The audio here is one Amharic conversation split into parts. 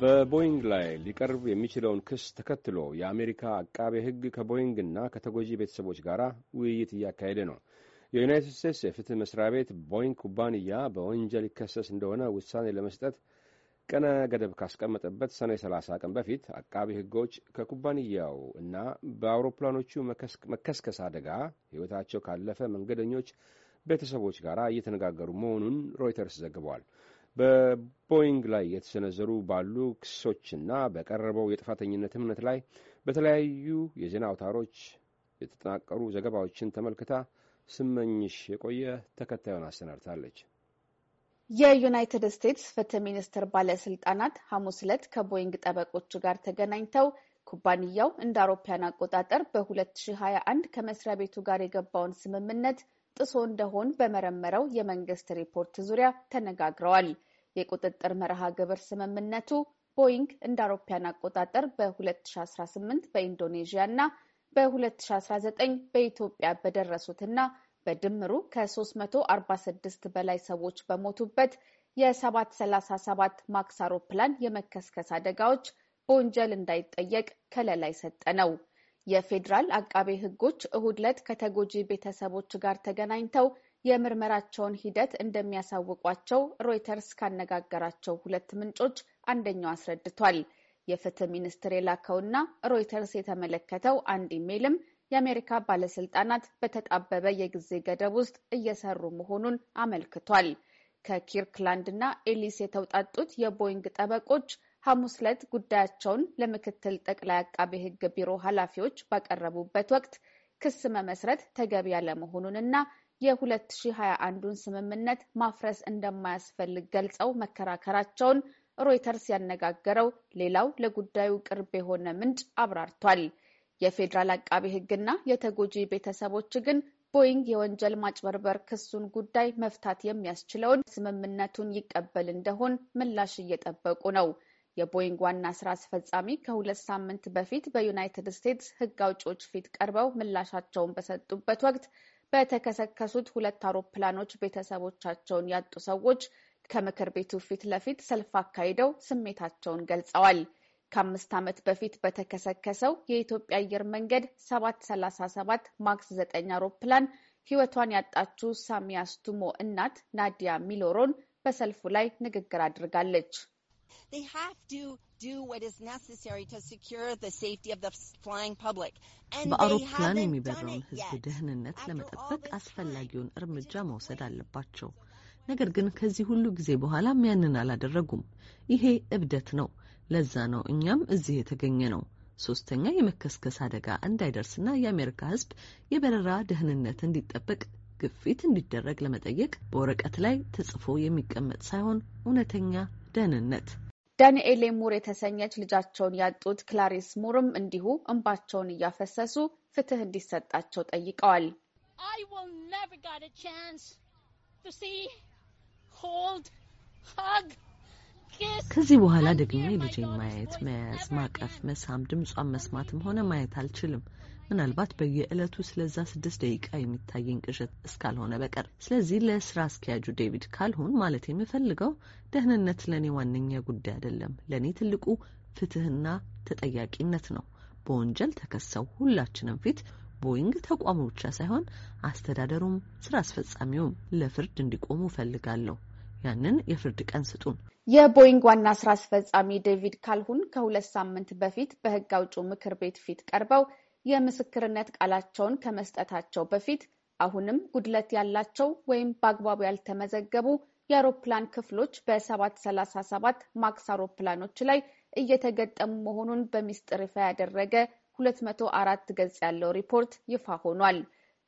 በቦይንግ ላይ ሊቀርብ የሚችለውን ክስ ተከትሎ የአሜሪካ አቃቤ ሕግ ከቦይንግና ከተጎጂ ቤተሰቦች ጋር ውይይት እያካሄደ ነው። የዩናይትድ ስቴትስ የፍትህ መስሪያ ቤት ቦይንግ ኩባንያ በወንጀል ይከሰስ እንደሆነ ውሳኔ ለመስጠት ቀነ ገደብ ካስቀመጠበት ሰኔ 30 ቀን በፊት አቃቢ ህጎች ከኩባንያው እና በአውሮፕላኖቹ መከስከስ አደጋ ሕይወታቸው ካለፈ መንገደኞች ቤተሰቦች ጋር እየተነጋገሩ መሆኑን ሮይተርስ ዘግቧል። በቦይንግ ላይ የተሰነዘሩ ባሉ ክሶችና በቀረበው የጥፋተኝነት እምነት ላይ በተለያዩ የዜና አውታሮች የተጠናቀሩ ዘገባዎችን ተመልክታ ስመኝሽ የቆየ ተከታዩን አሰናድታለች። የዩናይትድ ስቴትስ ፍትህ ሚኒስቴር ባለስልጣናት ሐሙስ ዕለት ከቦይንግ ጠበቆቹ ጋር ተገናኝተው ኩባንያው እንደ አውሮፓያን አቆጣጠር በ2021 ከመስሪያ ቤቱ ጋር የገባውን ስምምነት ጥሶ እንደሆን በመረመረው የመንግስት ሪፖርት ዙሪያ ተነጋግረዋል። የቁጥጥር መርሃ ግብር ስምምነቱ ቦይንግ እንደ አውሮፓያን አቆጣጠር በ2018 በኢንዶኔዥያ እና በ2019 በኢትዮጵያ በደረሱትና በድምሩ ከ346 በላይ ሰዎች በሞቱበት የ737 ማክስ አውሮፕላን የመከስከስ አደጋዎች በወንጀል እንዳይጠየቅ ከለላ የሰጠ ነው። የፌዴራል አቃቤ ሕጎች እሁድ ዕለት ከተጎጂ ቤተሰቦች ጋር ተገናኝተው የምርመራቸውን ሂደት እንደሚያሳውቋቸው ሮይተርስ ካነጋገራቸው ሁለት ምንጮች አንደኛው አስረድቷል። የፍትህ ሚኒስቴር የላከውና ሮይተርስ የተመለከተው አንድ ኢሜይልም የአሜሪካ ባለስልጣናት በተጣበበ የጊዜ ገደብ ውስጥ እየሰሩ መሆኑን አመልክቷል። ከኪርክላንድ እና ኤሊስ የተውጣጡት የቦይንግ ጠበቆች ሐሙስ ዕለት ጉዳያቸውን ለምክትል ጠቅላይ አቃቤ ሕግ ቢሮ ኃላፊዎች ባቀረቡበት ወቅት ክስ መመስረት ተገቢ ያለመሆኑንና የ2021ን ስምምነት ማፍረስ እንደማያስፈልግ ገልጸው መከራከራቸውን ሮይተርስ ያነጋገረው ሌላው ለጉዳዩ ቅርብ የሆነ ምንጭ አብራርቷል። የፌዴራል አቃቤ ሕግና የተጎጂ ቤተሰቦች ግን ቦይንግ የወንጀል ማጭበርበር ክሱን ጉዳይ መፍታት የሚያስችለውን ስምምነቱን ይቀበል እንደሆን ምላሽ እየጠበቁ ነው። የቦይንግ ዋና ስራ አስፈጻሚ ከሁለት ሳምንት በፊት በዩናይትድ ስቴትስ ሕግ አውጪዎች ፊት ቀርበው ምላሻቸውን በሰጡበት ወቅት በተከሰከሱት ሁለት አውሮፕላኖች ቤተሰቦቻቸውን ያጡ ሰዎች ከምክር ቤቱ ፊት ለፊት ሰልፍ አካሂደው ስሜታቸውን ገልጸዋል። ከአምስት ዓመት በፊት በተከሰከሰው የኢትዮጵያ አየር መንገድ 737 ማክስ 9 አውሮፕላን ሕይወቷን ያጣችው ሳሚያስቱሞ እናት ናዲያ ሚሎሮን በሰልፉ ላይ ንግግር አድርጋለች። They have to do what is necessary to secure the safety of the flying public. በአውሮፕላን የሚበረውን ሕዝብ ደህንነት ለመጠበቅ አስፈላጊውን እርምጃ መውሰድ አለባቸው። ነገር ግን ከዚህ ሁሉ ጊዜ በኋላም ያንን አላደረጉም። ይሄ እብደት ነው። ለዛ ነው እኛም እዚህ የተገኘ ነው። ሶስተኛ የመከስከስ አደጋ እንዳይደርስና የአሜሪካ ሕዝብ የበረራ ደህንነት እንዲጠበቅ ግፊት እንዲደረግ ለመጠየቅ በወረቀት ላይ ተጽፎ የሚቀመጥ ሳይሆን እውነተኛ ደህንነት ዳንኤሌ ሙር የተሰኘች ልጃቸውን ያጡት ክላሪስ ሙርም እንዲሁ እንባቸውን እያፈሰሱ ፍትህ እንዲሰጣቸው ጠይቀዋል። ከዚህ በኋላ ደግሞ የልጄን ማየት፣ መያዝ፣ ማቀፍ፣ መሳም፣ ድምጿን መስማትም ሆነ ማየት አልችልም። ምናልባት በየዕለቱ ስለዛ ስድስት ደቂቃ የሚታየኝ ቅዠት እስካልሆነ በቀር። ስለዚህ ለስራ አስኪያጁ ዴቪድ ካልሁን ማለት የምፈልገው ደህንነት ለእኔ ዋነኛ ጉዳይ አይደለም። ለእኔ ትልቁ ፍትህና ተጠያቂነት ነው። በወንጀል ተከሰው ሁላችንም ፊት ቦይንግ ተቋሙ ብቻ ሳይሆን አስተዳደሩም ስራ አስፈጻሚውም ለፍርድ እንዲቆሙ እፈልጋለሁ። ያንን የፍርድ ቀን ስጡን። የቦይንግ ዋና ስራ አስፈጻሚ ዴቪድ ካልሁን ከሁለት ሳምንት በፊት በህግ አውጪው ምክር ቤት ፊት ቀርበው የምስክርነት ቃላቸውን ከመስጠታቸው በፊት አሁንም ጉድለት ያላቸው ወይም በአግባቡ ያልተመዘገቡ የአውሮፕላን ክፍሎች በ737 ማክስ አውሮፕላኖች ላይ እየተገጠሙ መሆኑን በሚስጥር ይፋ ያደረገ 204 ገጽ ያለው ሪፖርት ይፋ ሆኗል።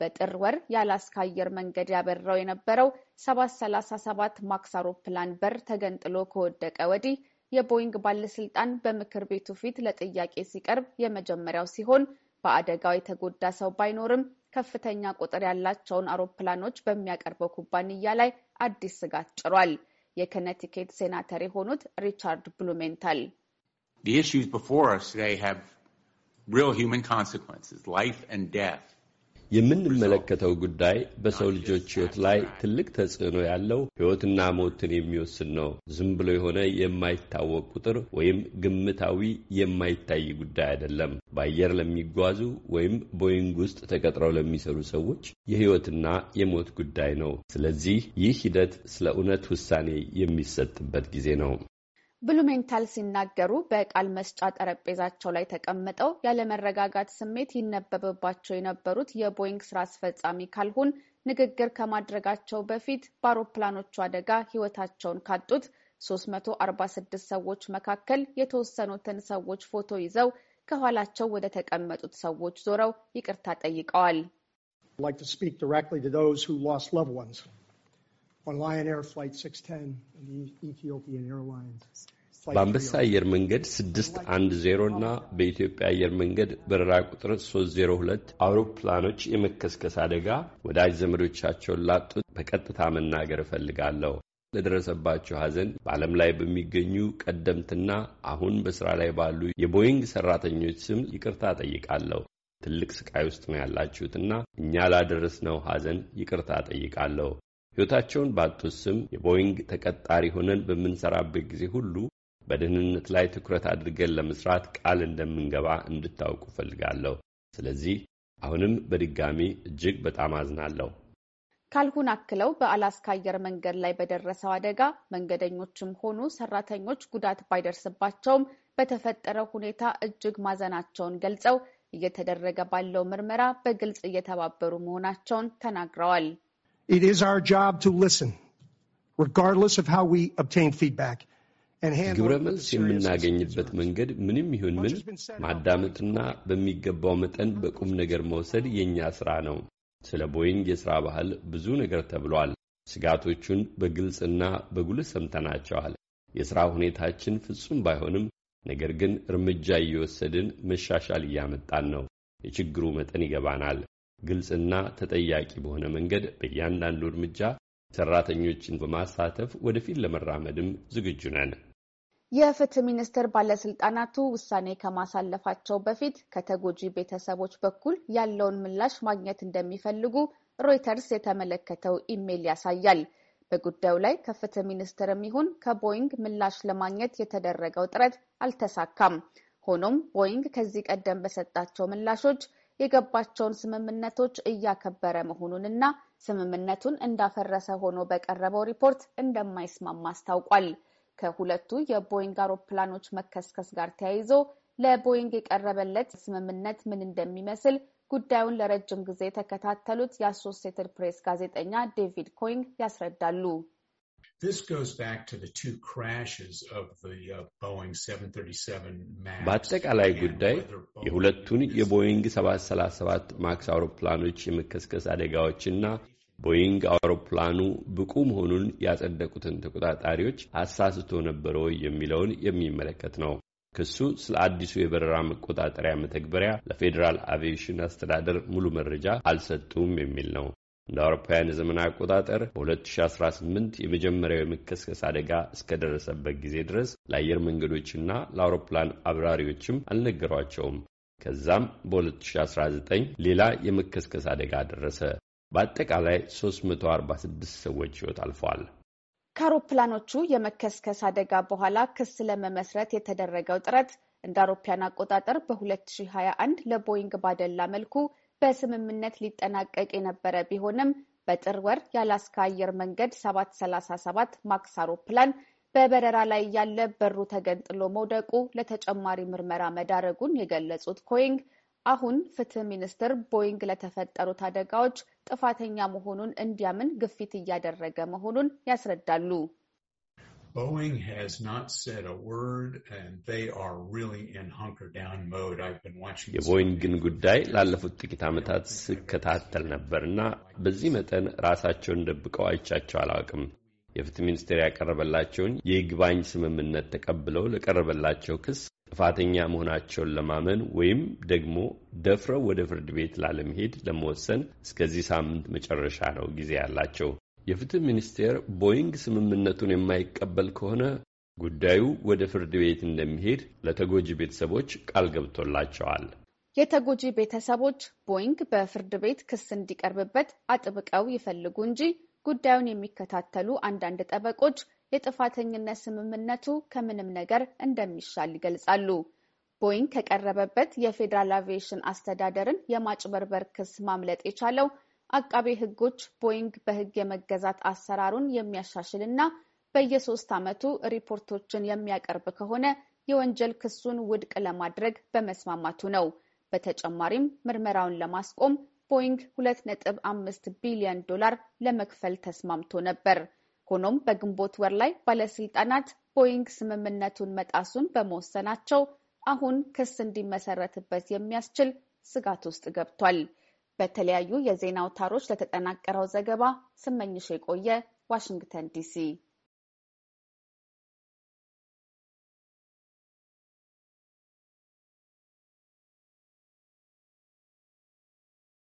በጥር ወር የአላስካ አየር መንገድ ያበራው የነበረው 737 ማክስ አውሮፕላን በር ተገንጥሎ ከወደቀ ወዲህ የቦይንግ ባለስልጣን በምክር ቤቱ ፊት ለጥያቄ ሲቀርብ የመጀመሪያው ሲሆን በአደጋው የተጎዳ ሰው ባይኖርም ከፍተኛ ቁጥር ያላቸውን አውሮፕላኖች በሚያቀርበው ኩባንያ ላይ አዲስ ስጋት ጭሯል። የከነቲኬት ሴናተር የሆኑት ሪቻርድ ብሉሜንታል The issues before us today have real human consequences, life and death. የምንመለከተው ጉዳይ በሰው ልጆች ሕይወት ላይ ትልቅ ተጽዕኖ ያለው ሕይወትና ሞትን የሚወስን ነው። ዝም ብሎ የሆነ የማይታወቅ ቁጥር ወይም ግምታዊ የማይታይ ጉዳይ አይደለም። በአየር ለሚጓዙ ወይም ቦይንግ ውስጥ ተቀጥረው ለሚሰሩ ሰዎች የሕይወትና የሞት ጉዳይ ነው። ስለዚህ ይህ ሂደት ስለ እውነት ውሳኔ የሚሰጥበት ጊዜ ነው። ብሉሜንታል ሲናገሩ በቃል መስጫ ጠረጴዛቸው ላይ ተቀምጠው ያለመረጋጋት ስሜት ይነበብባቸው የነበሩት የቦይንግ ስራ አስፈጻሚ ካልሆን ንግግር ከማድረጋቸው በፊት በአውሮፕላኖቹ አደጋ ሕይወታቸውን ካጡት 346 ሰዎች መካከል የተወሰኑትን ሰዎች ፎቶ ይዘው ከኋላቸው ወደ ተቀመጡት ሰዎች ዞረው ይቅርታ ጠይቀዋል። በአንበሳ አየር መንገድ 610 እና በኢትዮጵያ አየር መንገድ በረራ ቁጥር 302 አውሮፕላኖች የመከስከስ አደጋ ወዳጅ ዘመዶቻቸውን ላጡት በቀጥታ መናገር እፈልጋለሁ። ለደረሰባቸው ሐዘን በዓለም ላይ በሚገኙ ቀደምትና አሁን በሥራ ላይ ባሉ የቦይንግ ሠራተኞች ስም ይቅርታ ጠይቃለሁ። ትልቅ ስቃይ ውስጥ ነው ያላችሁትና እኛ ላደረስነው ሐዘን ይቅርታ ጠይቃለሁ። ሕይወታቸውን ባጡት ስም የቦይንግ ተቀጣሪ ሆነን በምንሰራበት ጊዜ ሁሉ በደህንነት ላይ ትኩረት አድርገን ለመስራት ቃል እንደምንገባ እንድታውቁ ፈልጋለሁ። ስለዚህ አሁንም በድጋሚ እጅግ በጣም አዝናለሁ። ካልሁን አክለው በአላስካ አየር መንገድ ላይ በደረሰው አደጋ መንገደኞችም ሆኑ ሰራተኞች ጉዳት ባይደርስባቸውም በተፈጠረው ሁኔታ እጅግ ማዘናቸውን ገልጸው እየተደረገ ባለው ምርመራ በግልጽ እየተባበሩ መሆናቸውን ተናግረዋል። It is our job to listen, regardless of how we obtain feedback. ግብረ መልስ የምናገኝበት መንገድ ምንም ይሁን ምን ማዳመጥና በሚገባው መጠን በቁም ነገር መውሰድ የእኛ ሥራ ነው። ስለ ቦይንግ የሥራ ባህል ብዙ ነገር ተብሏል። ስጋቶቹን በግልጽና በጉልህ ሰምተናቸዋል። የሥራ ሁኔታችን ፍጹም ባይሆንም ነገር ግን እርምጃ እየወሰድን መሻሻል እያመጣን ነው። የችግሩ መጠን ይገባናል። ግልጽና ተጠያቂ በሆነ መንገድ በእያንዳንዱ እርምጃ ሰራተኞችን በማሳተፍ ወደፊት ለመራመድም ዝግጁ ነን። የፍትህ ሚኒስቴር ባለስልጣናቱ ውሳኔ ከማሳለፋቸው በፊት ከተጎጂ ቤተሰቦች በኩል ያለውን ምላሽ ማግኘት እንደሚፈልጉ ሮይተርስ የተመለከተው ኢሜይል ያሳያል። በጉዳዩ ላይ ከፍትህ ሚኒስቴርም ይሁን ከቦይንግ ምላሽ ለማግኘት የተደረገው ጥረት አልተሳካም። ሆኖም ቦይንግ ከዚህ ቀደም በሰጣቸው ምላሾች የገባቸውን ስምምነቶች እያከበረ መሆኑንና ስምምነቱን እንዳፈረሰ ሆኖ በቀረበው ሪፖርት እንደማይስማማ አስታውቋል። ከሁለቱ የቦይንግ አውሮፕላኖች መከስከስ ጋር ተያይዞ ለቦይንግ የቀረበለት ስምምነት ምን እንደሚመስል ጉዳዩን ለረጅም ጊዜ የተከታተሉት የአሶሴትድ ፕሬስ ጋዜጠኛ ዴቪድ ኮይንግ ያስረዳሉ። uh, በአጠቃላይ ጉዳይ የሁለቱን የቦይንግ 737 ማክስ አውሮፕላኖች የመከስከስ አደጋዎችና ቦይንግ አውሮፕላኑ ብቁ መሆኑን ያጸደቁትን ተቆጣጣሪዎች አሳስቶ ነበረ ወይ የሚለውን የሚመለከት ነው። ክሱ ስለ አዲሱ የበረራ መቆጣጠሪያ መተግበሪያ ለፌዴራል አቪዬሽን አስተዳደር ሙሉ መረጃ አልሰጡም የሚል ነው። እንደ አውሮፓውያን የዘመን አቆጣጠር በ2018 የመጀመሪያው የመከስከስ አደጋ እስከደረሰበት ጊዜ ድረስ ለአየር መንገዶችና ለአውሮፕላን አብራሪዎችም አልነገሯቸውም። ከዛም በ2019 ሌላ የመከስከስ አደጋ ደረሰ። በአጠቃላይ 346 ሰዎች ሕይወት አልፈዋል። ከአውሮፕላኖቹ የመከስከስ አደጋ በኋላ ክስ ለመመስረት የተደረገው ጥረት እንደ አውሮፓያን አቆጣጠር በ2021 ለቦይንግ ባደላ መልኩ በስምምነት ሊጠናቀቅ የነበረ ቢሆንም በጥር ወር የአላስካ አየር መንገድ 737 ማክስ አውሮፕላን በበረራ ላይ ያለ በሩ ተገንጥሎ መውደቁ ለተጨማሪ ምርመራ መዳረጉን የገለጹት ኮይንግ አሁን ፍትህ ሚኒስትር ቦይንግ ለተፈጠሩት አደጋዎች ጥፋተኛ መሆኑን እንዲያምን ግፊት እያደረገ መሆኑን ያስረዳሉ። የቦይንግን ጉዳይ ላለፉት ጥቂት ዓመታት ስከታተል ነበርና በዚህ መጠን ራሳቸውን ደብቀው አይቻቸው አላውቅም። የፍትህ ሚኒስቴር ያቀረበላቸውን የይግባኝ ስምምነት ተቀብለው ለቀረበላቸው ክስ ጥፋተኛ መሆናቸውን ለማመን ወይም ደግሞ ደፍረው ወደ ፍርድ ቤት ላለመሄድ ለመወሰን እስከዚህ ሳምንት መጨረሻ ነው ጊዜ ያላቸው። የፍትህ ሚኒስቴር ቦይንግ ስምምነቱን የማይቀበል ከሆነ ጉዳዩ ወደ ፍርድ ቤት እንደሚሄድ ለተጎጂ ቤተሰቦች ቃል ገብቶላቸዋል። የተጎጂ ቤተሰቦች ቦይንግ በፍርድ ቤት ክስ እንዲቀርብበት አጥብቀው ይፈልጉ እንጂ ጉዳዩን የሚከታተሉ አንዳንድ ጠበቆች የጥፋተኝነት ስምምነቱ ከምንም ነገር እንደሚሻል ይገልጻሉ። ቦይንግ ከቀረበበት የፌዴራል አቪዬሽን አስተዳደርን የማጭበርበር ክስ ማምለጥ የቻለው አቃቤ ሕጎች ቦይንግ በሕግ የመገዛት አሰራሩን የሚያሻሽል እና በየሶስት ዓመቱ ሪፖርቶችን የሚያቀርብ ከሆነ የወንጀል ክሱን ውድቅ ለማድረግ በመስማማቱ ነው። በተጨማሪም ምርመራውን ለማስቆም ቦይንግ 2.5 ቢሊዮን ዶላር ለመክፈል ተስማምቶ ነበር። ሆኖም በግንቦት ወር ላይ ባለስልጣናት ቦይንግ ስምምነቱን መጣሱን በመወሰናቸው አሁን ክስ እንዲመሰረትበት የሚያስችል ስጋት ውስጥ ገብቷል። በተለያዩ የዜና አውታሮች ለተጠናቀረው ዘገባ ስመኝሽ የቆየ ዋሽንግተን ዲሲ